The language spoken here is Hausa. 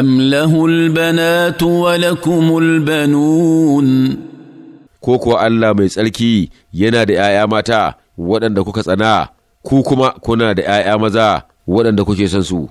أم له البنات ولكم البنون كوكو الله mai tsarki yana da ‘ya'ya mata waɗanda kuka tsana, ku kuma kuna da ‘ya'ya maza waɗanda kuke son su.